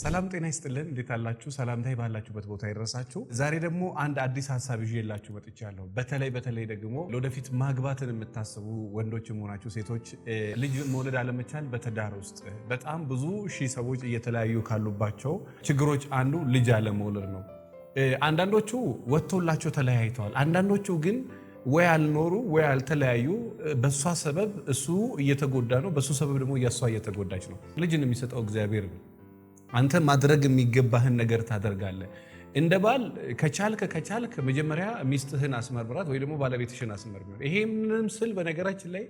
ሰላም ጤና ይስጥልን። እንዴት አላችሁ? ሰላምታ ባላችሁበት ቦታ ይደረሳችሁ ዛሬ ደግሞ አንድ አዲስ ሀሳብ ይዤላችሁ መጥቻለሁ። በተለይ በተለይ ደግሞ ለወደፊት ማግባትን የምታስቡ ወንዶች መሆናችሁ ሴቶች፣ ልጅ መውለድ አለመቻል በትዳር ውስጥ በጣም ብዙ ሺህ ሰዎች እየተለያዩ ካሉባቸው ችግሮች አንዱ ልጅ አለመውለድ ነው። አንዳንዶቹ ወጥቶላቸው ተለያይተዋል። አንዳንዶቹ ግን ወይ አልኖሩ ወይ አልተለያዩ። በእሷ ሰበብ እሱ እየተጎዳ ነው፣ በእሱ ሰበብ ደግሞ እያሷ እየተጎዳች ነው። ልጅን የሚሰጠው እግዚአብሔር ነው። አንተ ማድረግ የሚገባህን ነገር ታደርጋለህ። እንደ ባል ከቻልክ ከቻልክ መጀመሪያ ሚስትህን አስመርምራት ወይ ደግሞ ባለቤትሽን አስመርምር። ይሄንም ስል በነገራችን ላይ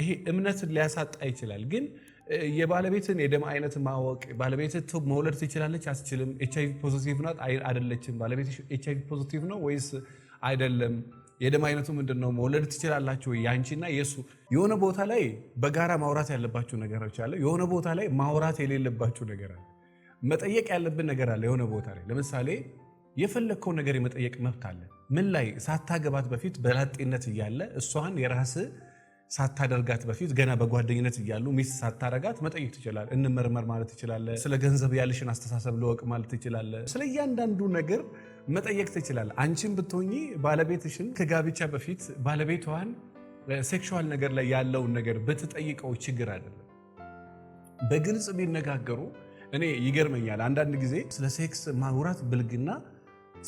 ይሄ እምነትን ሊያሳጣ ይችላል፣ ግን የባለቤትን የደም አይነት ማወቅ ባለቤት መውለድ ትችላለች አትችልም፣ ኤች አይ ቪ ፖዚቲቭ ናት አይደለችም፣ ባለቤት ኤች አይ ቪ ፖዚቲቭ ነው ወይስ አይደለም የደም አይነቱ ምንድን ነው? መውለድ ትችላላችሁ? ያንቺና የሱ የሆነ ቦታ ላይ በጋራ ማውራት ያለባችሁ ነገሮች አለ። የሆነ ቦታ ላይ ማውራት የሌለባችሁ ነገር አለ። መጠየቅ ያለብን ነገር አለ። የሆነ ቦታ ላይ ለምሳሌ የፈለግከው ነገር የመጠየቅ መብት አለ። ምን ላይ ሳታገባት በፊት በላጤነት እያለ እሷን የራስ ሳታደርጋት በፊት ገና በጓደኝነት እያሉ ሚስት ሳታረጋት መጠየቅ ትችላል። እንመርመር ማለት ትችላለ። ስለ ገንዘብ ያለሽን አስተሳሰብ ልወቅ ማለት ትችላለ። ስለ እያንዳንዱ ነገር መጠየቅ ትችላለ። አንቺን ብትሆኚ ባለቤትሽን ከጋብቻ በፊት ባለቤቷን ሴክሹዋል ነገር ላይ ያለውን ነገር ብትጠይቀው ችግር አይደለም። በግልጽ ቢነጋገሩ እኔ ይገርመኛል። አንዳንድ ጊዜ ስለ ሴክስ ማውራት ብልግና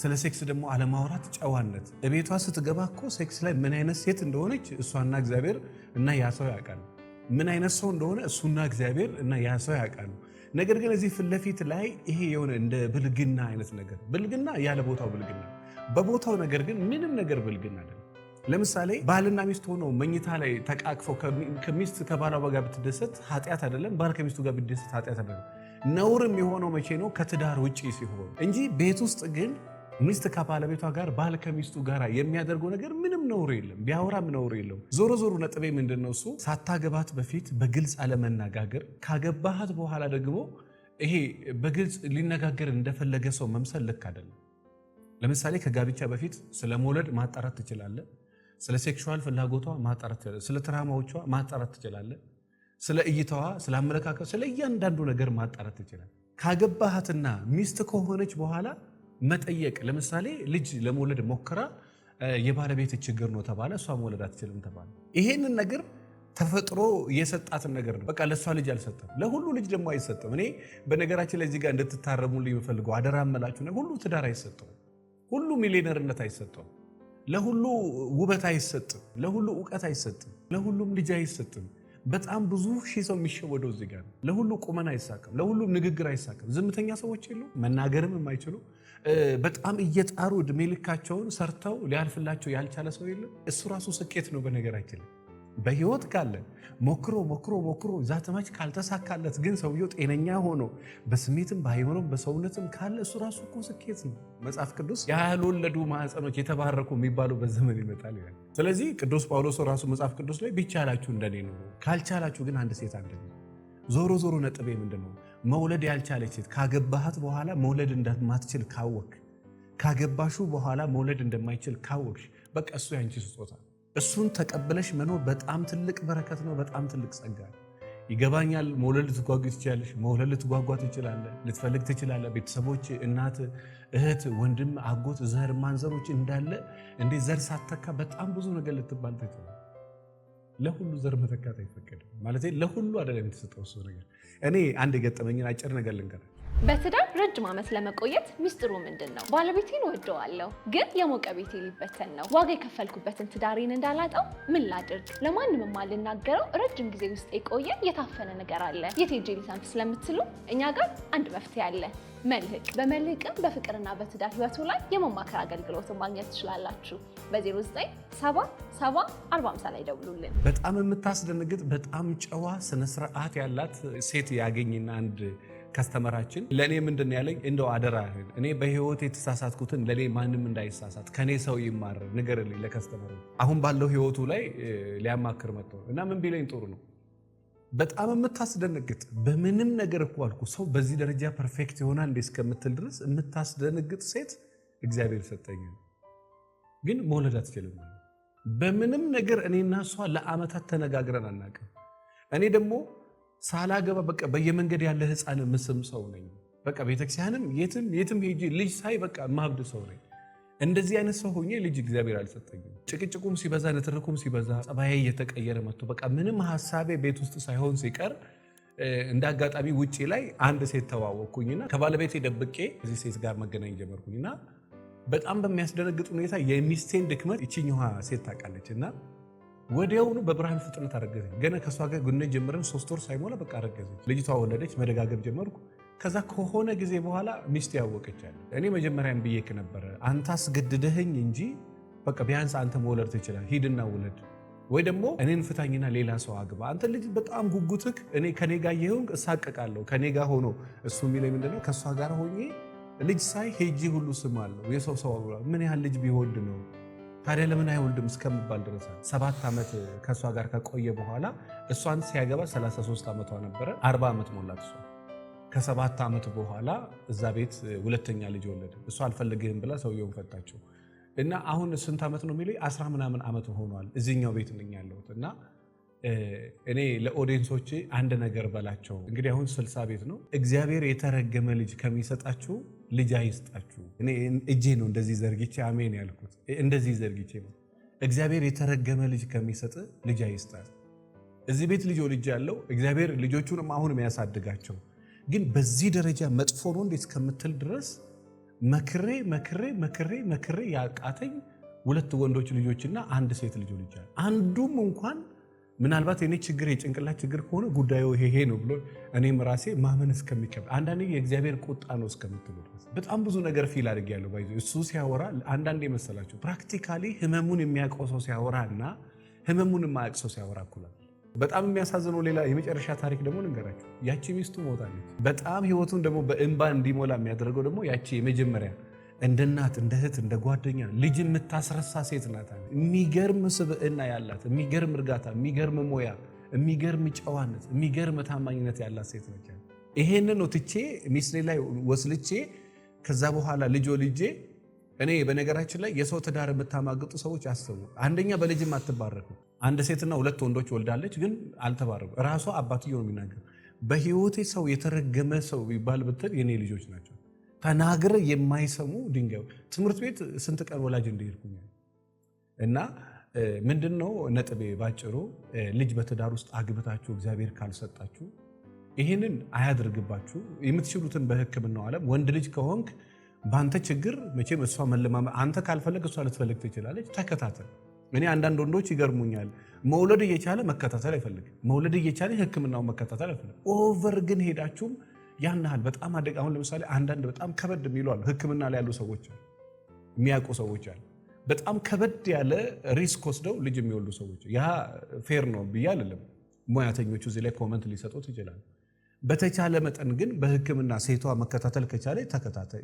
ስለ ሴክስ ደግሞ አለማውራት ጨዋነት። እቤቷ ስትገባ እኮ ሴክስ ላይ ምን አይነት ሴት እንደሆነች እሷና እግዚአብሔር እና ያ ሰው ያውቃሉ። ምን አይነት ሰው እንደሆነ እሱና እግዚአብሔር እና ያ ሰው ያውቃሉ። ነገር ግን እዚህ ፊት ለፊት ላይ ይሄ የሆነ እንደ ብልግና አይነት ነገር፣ ብልግና ያለ ቦታው ብልግና፣ በቦታው ነገር ግን ምንም ነገር ብልግና አይደለም። ለምሳሌ ባልና ሚስት ሆነው መኝታ ላይ ተቃቅፈው ከሚስት ከባሏ ጋር ብትደሰት ኃጢአት አይደለም። ባል ከሚስቱ ጋር ብትደሰት ኃጢአት አይደለም። ነውርም የሆነው መቼ ነው? ከትዳር ውጪ ሲሆን እንጂ ቤት ውስጥ ግን ሚስት ከባለቤቷ ጋር ባል ከሚስቱ ጋር የሚያደርገው ነገር ምንም ነውር የለም፣ ቢያወራም ነውር የለም። ዞሮ ዞሮ ነጥቤ ምንድን ነው? እሱ ሳታገባት በፊት በግልጽ አለመነጋገር፣ ካገባሃት በኋላ ደግሞ ይሄ በግልጽ ሊነጋገር እንደፈለገ ሰው መምሰል ልክ አይደለም። ለምሳሌ ከጋብቻ በፊት ስለ መውለድ ማጣራት ትችላለህ። ስለ ሴክሹዋል ፍላጎቷ ማጣራት ትችላለህ። ስለ ትራማዎቿ ማጣራት ትችላለህ። ስለ እይታዋ፣ ስለ አመለካከት፣ ስለ እያንዳንዱ ነገር ማጣራት ትችላለህ። ካገባሃትና ሚስት ከሆነች በኋላ መጠየቅ ለምሳሌ ልጅ ለመውለድ ሞክራ የባለቤት ችግር ነው ተባለ፣ እሷ መውለድ አትችልም ተባለ። ይሄንን ነገር ተፈጥሮ የሰጣትን ነገር ነው። በቃ ለእሷ ልጅ አልሰጠም፣ ለሁሉ ልጅ ደግሞ አይሰጥም። እኔ በነገራችን ላይ እዚህ ጋር እንድትታረሙልኝ የምፈልገው አደራ መላችሁ፣ ሁሉ ትዳር አይሰጠው፣ ሁሉ ሚሊዮነርነት አይሰጠው፣ ለሁሉ ውበት አይሰጥም፣ ለሁሉ እውቀት አይሰጥም፣ ለሁሉም ልጅ አይሰጥም። በጣም ብዙ ሺህ ሰው የሚሸወደው እዚህ ጋር። ለሁሉ ቁመን አይሳካም፣ ለሁሉም ንግግር አይሳካም። ዝምተኛ ሰዎች የሉ፣ መናገርም የማይችሉ በጣም እየጣሩ እድሜ ልካቸውን ሰርተው ሊያልፍላቸው ያልቻለ ሰው የለም። እሱ ራሱ ስኬት ነው በነገራችን ላይ በህይወት ካለ ሞክሮ ሞክሮ ሞክሮ ዛትማች ካልተሳካለት ግን ሰውየው ጤነኛ ሆኖ በስሜትም በሃይማኖት በሰውነትም ካለ እሱ ራሱ እኮ ስኬት ነው። መጽሐፍ ቅዱስ ያልወለዱ ማዕፀኖች የተባረኩ የሚባሉ በዘመን ይመጣል ይላል። ስለዚህ ቅዱስ ጳውሎስ ራሱ መጽሐፍ ቅዱስ ላይ ቢቻላችሁ እንደኔ ነው፣ ካልቻላችሁ ግን አንድ ሴት አንደ ዞሮ ዞሮ ነጥቤ ምንድን ነው? መውለድ ያልቻለች ሴት ካገባሃት በኋላ መውለድ እንደማትችል ካወክ፣ ካገባሹ በኋላ መውለድ እንደማይችል ካወቅሽ፣ በቃ እሱ ያንቺ ስጦታ እሱን ተቀብለሽ መኖር በጣም ትልቅ በረከት ነው። በጣም ትልቅ ጸጋ ይገባኛል። መውለድ ልትጓጉ ትችላለሽ። መውለድ ልትጓጓ ትችላለ፣ ልትፈልግ ትችላለ። ቤተሰቦች፣ እናት፣ እህት፣ ወንድም፣ አጎት፣ ዘር ማንዘሮች እንዳለ እንዴ ዘር ሳተካ በጣም ብዙ ነገር ልትባል ትችላል። ለሁሉ ዘር መተካት አይፈቀድም። ማለት ለሁሉ አደለም የተሰጠው ሰው ነገር። እኔ አንድ የገጠመኝን አጭር ነገር ልንገር በትዳር ለረጅም ዓመት ለመቆየት ሚስጥሩ ምንድን ነው? ባለቤቴን ወደዋለሁ፣ ግን የሞቀ ቤቴ ሊበተን ነው። ዋጋ የከፈልኩበትን ትዳሬን እንዳላጣው ምን ላድርግ? ለማንም የማልናገረው ረጅም ጊዜ ውስጥ የቆየ የታፈነ ነገር አለ። የት ሄጄ ስለምትሉ እኛ ጋር አንድ መፍትሄ አለ። መልህቅ። በመልህቅም በፍቅርና በትዳር ህይወቱ ላይ የመማከር አገልግሎትን ማግኘት ትችላላችሁ። 45 ላይ ደውሉልን። በጣም የምታስደነግጥ በጣም ጨዋ ስነስርዓት ያላት ሴት ያገኝና አንድ ከስተመራችን ለእኔ ምንድን ያለኝ እንደው አደራህን እኔ በህይወት የተሳሳትኩትን ለእኔ ማንም እንዳይሳሳት ከኔ ሰው ይማር ንገርልኝ ለከስተመር አሁን ባለው ህይወቱ ላይ ሊያማክር መጥተው እና ምን ቢለኝ ጥሩ ነው በጣም የምታስደነግጥ በምንም ነገር እኮ አልኩ ሰው በዚህ ደረጃ ፐርፌክት የሆና እንዴ እስከምትል ድረስ የምታስደነግጥ ሴት እግዚአብሔር ሰጠኝ፣ ግን መውለድ አትችልም። በምንም ነገር እኔና እሷ ለአመታት ተነጋግረን አናውቅም። እኔ ደግሞ ሳላገባ በቃ በየመንገድ ያለ ህፃን ምስም ሰው ነኝ። በቃ ቤተክርስቲያንም የትም የትም ሄጂ ልጅ ሳይ በቃ ማብድ ሰው ነኝ። እንደዚህ አይነት ሰው ሆኜ ልጅ እግዚአብሔር አልሰጠኝም። ጭቅጭቁም ሲበዛ፣ ንትርኩም ሲበዛ ጸባዬ እየተቀየረ መጥቶ በቃ ምንም ሀሳቤ ቤት ውስጥ ሳይሆን ሲቀር እንደ አጋጣሚ ውጪ ላይ አንድ ሴት ተዋወቅኩኝና ከባለቤቴ ደብቄ እዚህ ሴት ጋር መገናኝ ጀመርኩኝና በጣም በሚያስደነግጥ ሁኔታ የሚስቴን ድክመት ይችኛዋ ሴት ታውቃለች እና ወዲያውኑ በብርሃን ፍጥነት አረገዘኝ። ገና ከእሷ ጋር ጉነ ጀምረን ሶስት ወር ሳይሞላ በቃ አረገዘች። ልጅቷ ወለደች። መደጋገብ ጀመርኩ። ከዛ ከሆነ ጊዜ በኋላ ሚስት ያወቀቻል። እኔ መጀመሪያን ብዬክ ነበረ አንተ አስገድደህኝ እንጂ በቃ ቢያንስ አንተ መውለድ ትችላል፣ ሂድና ውለድ ወይ ደግሞ እኔን ፍታኝና ሌላ ሰው አግባ። አንተ ልጅ በጣም ጉጉትክ እኔ ከኔ ጋር የሆን እሳቀቃለሁ። ከኔ ጋር ሆኖ እሱ የሚለኝ ምንድነው ከእሷ ጋር ሆኜ ልጅ ሳይ ሄጂ ሁሉ ስም አለው የሰው ሰው ምን ያህል ልጅ ቢወድ ነው ታዲያ ለምን አይወልድም እስከምባል ድረስ ሰባት ዓመት ከእሷ ጋር ከቆየ በኋላ እሷን ሲያገባ 33 ዓመቷ ነበረ። 40 ዓመት ሞላት እሷ። ከሰባት ዓመት በኋላ እዛ ቤት ሁለተኛ ልጅ ወለደ። እሷ አልፈልግህም ብላ ሰውየውን ፈታችው እና አሁን ስንት ዓመት ነው የሚለኝ? አስራ ምናምን ዓመት ሆኗል። እዚህኛው ቤት ነኝ ያለሁት እና እኔ ለኦዲየንሶቼ አንድ ነገር በላቸው። እንግዲህ አሁን ስልሳ ቤት ነው እግዚአብሔር የተረገመ ልጅ ከሚሰጣችሁ ልጅ አይስጣችሁ። እኔ እጄ ነው እንደዚህ ዘርግቼ አሜን ያልኩት እንደዚህ ዘርግቼ ነው። እግዚአብሔር የተረገመ ልጅ ከሚሰጥ ልጅ አይስጣ። እዚህ ቤት ልጆ ልጅ ያለው እግዚአብሔር ልጆቹንም አሁን የሚያሳድጋቸው ግን በዚህ ደረጃ መጥፎ ነው እንዴት እስከምትል ድረስ መክሬ መክሬ መክሬ መክሬ ያቃተኝ ሁለት ወንዶች ልጆችና አንድ ሴት ልጆ ልጅ አንዱም እንኳን ምናልባት የኔ ችግር የጭንቅላት ችግር ከሆነ ጉዳዩ ይሄ ነው ብሎ እኔም ራሴ ማመን እስከሚከብድ አንዳንዴ የእግዚአብሔር ቁጣ ነው እስከምትሉ በጣም ብዙ ነገር ፊል አድርግ አድርጌያለሁ። ባይ እሱ ሲያወራ አንዳንድ የመሰላቸው ፕራክቲካሊ ህመሙን የሚያውቀው ሰው ሲያወራ እና ህመሙን የማያውቅ ሰው ሲያወራ እኩላል። በጣም የሚያሳዝነው ሌላ የመጨረሻ ታሪክ ደግሞ ልንገራቸው። ያቺ ሚስቱ ሞታለች። በጣም ህይወቱን ደግሞ በእንባ እንዲሞላ የሚያደርገው ደግሞ ያቺ የመጀመሪያ እንደ እናት፣ እንደ እህት፣ እንደ ጓደኛ ልጅ የምታስረሳ ሴት ናት። የሚገርም ስብዕና ያላት፣ የሚገርም እርጋታ፣ የሚገርም ሞያ፣ የሚገርም ጨዋነት፣ የሚገርም ታማኝነት ያላት ሴት ነች። ይሄንን ትቼ ሚስቴ ላይ ወስልቼ ከዛ በኋላ ልጆ ልጄ እኔ በነገራችን ላይ የሰው ትዳር የምታማግጡ ሰዎች አስቡ። አንደኛ በልጅም አትባረኩ። አንድ ሴትና ሁለት ወንዶች ወልዳለች፣ ግን አልተባረኩም። እራሷ አባትዮ ነው የሚናገር። በህይወቴ ሰው የተረገመ ሰው ይባል ብትል የኔ ልጆች ናቸው። ተናግረ የማይሰሙ ድንጋዩ ትምህርት ቤት ስንት ቀን ወላጅ እንደሄድኩኝ እና ምንድን ነው ነጥቤ ባጭሩ፣ ልጅ በትዳር ውስጥ አግብታችሁ እግዚአብሔር ካልሰጣችሁ ይህንን አያድርግባችሁ። የምትችሉትን በሕክምናው ዓለም ወንድ ልጅ ከሆንክ በአንተ ችግር መቼም እሷ መለማመ አንተ ካልፈለግ እሷ ልትፈልግ ትችላለች። ተከታተል። እኔ አንዳንድ ወንዶች ይገርሙኛል። መውለድ እየቻለ መከታተል አይፈልግ፣ መውለድ እየቻለ ሕክምናውን መከታተል አይፈልግ። ኦቨር ግን ሄዳችሁም ያን ያህል በጣም አደጋ። አሁን ለምሳሌ አንዳንድ በጣም ከበድ የሚሉ አሉ፣ ሕክምና ላይ ያሉ ሰዎች የሚያውቁ ሰዎች አሉ። በጣም ከበድ ያለ ሪስክ ወስደው ልጅ የሚወልዱ ሰዎች፣ ያ ፌር ነው ብዬ አይደለም። ሙያተኞቹ እዚህ ላይ ኮመንት ሊሰጡት ይችላሉ። በተቻለ መጠን ግን በህክምና ሴቷ መከታተል ከቻለ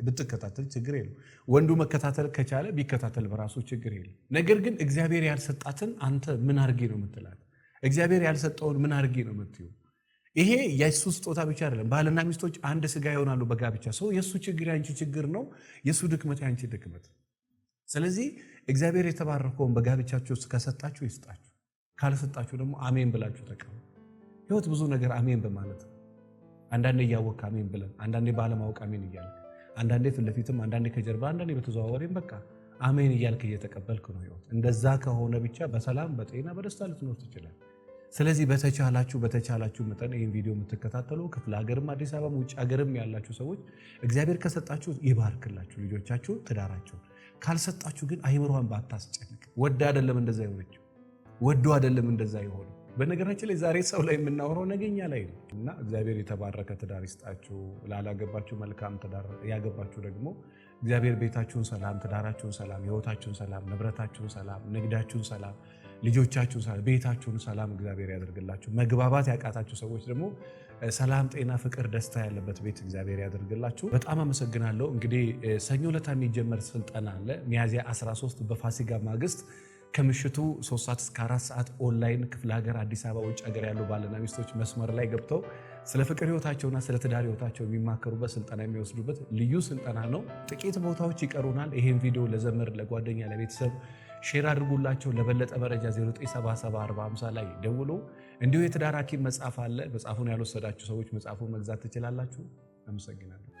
ብትከታተል ችግር የለም። ወንዱ መከታተል ከቻለ ቢከታተል በራሱ ችግር የለም። ነገር ግን እግዚአብሔር ያልሰጣትን አንተ ምን አርጌ ነው የምትላት? እግዚአብሔር ያልሰጠውን ምን አርጌ ነው የምትዩ? ይሄ የሱ ስጦታ ብቻ አይደለም። ባልና ሚስቶች አንድ ስጋ ይሆናሉ በጋብቻ ሰው የእሱ ችግር ያንቺ ችግር ነው፣ የእሱ ድክመት ያንቺ ድክመት። ስለዚህ እግዚአብሔር የተባረከውን በጋብቻችሁ ውስጥ ከሰጣችሁ ይስጣችሁ፣ ካልሰጣችሁ ደግሞ አሜን ብላችሁ ተቀበሉ። ህይወት ብዙ ነገር አሜን በማለት ነው። አንዳንዴ እያወቅ አሜን ብለን፣ አንዳንዴ ባለማወቅ አሜን እያልክ፣ አንዳንዴ ፊት ለፊትም፣ አንዳንዴ ከጀርባ፣ አንዳንዴ በተዘዋወሬም በቃ አሜን እያልክ እየተቀበልክ ነው ህይወት። እንደዛ ከሆነ ብቻ በሰላም በጤና በደስታ ልትኖር ትችላል። ስለዚህ በተቻላችሁ በተቻላችሁ መጠን ይህን ቪዲዮ የምትከታተሉ ክፍለ ሀገርም አዲስ አበባም ውጭ ሀገርም ያላችሁ ሰዎች እግዚአብሔር ከሰጣችሁ ይባርክላችሁ፣ ልጆቻችሁ ትዳራችሁ ካልሰጣችሁ ግን አይምሯን ባታስጨንቅ። ወዳ አይደለም እንደዛ የሆነችው ወዶ አይደለም እንደዛ የሆነ በነገራችን ላይ ዛሬ ሰው ላይ የምናወራው ነገኛ ላይ ነው እና እግዚአብሔር የተባረከ ትዳር ይስጣችሁ። ላላገባችሁ መልካም ትዳር፣ ያገባችሁ ደግሞ እግዚአብሔር ቤታችሁን ሰላም፣ ትዳራችሁን ሰላም፣ ህይወታችሁን ሰላም፣ ንብረታችሁን ሰላም፣ ንግዳችሁን ሰላም ልጆቻችሁን ሰላም፣ ቤታችሁን ሰላም እግዚአብሔር ያደርግላችሁ። መግባባት ያቃታችሁ ሰዎች ደግሞ ሰላም፣ ጤና፣ ፍቅር፣ ደስታ ያለበት ቤት እግዚአብሔር ያደርግላችሁ። በጣም አመሰግናለሁ። እንግዲህ ሰኞ ለታ የሚጀመር ስልጠና አለ ሚያዚያ 13 በፋሲጋ ማግስት ከምሽቱ 3 ሰዓት እስከ 4 ሰዓት ኦንላይን ክፍለ ሀገር፣ አዲስ አበባ፣ ውጭ ሀገር ያሉ ባልና ሚስቶች መስመር ላይ ገብተው ስለ ፍቅር ህይወታቸውና ስለ ትዳር ህይወታቸው የሚማከሩበት ስልጠና የሚወስዱበት ልዩ ስልጠና ነው። ጥቂት ቦታዎች ይቀሩናል። ይህን ቪዲዮ ለዘመድ ለጓደኛ ለቤተሰብ ሼር አድርጉላቸው። ለበለጠ መረጃ 097745 ላይ ደውሎ እንዲሁ የትዳር ሐኪም መጽሐፍ አለ። መጽሐፉን ያልወሰዳችሁ ሰዎች መጽሐፉን መግዛት ትችላላችሁ። አመሰግናለሁ።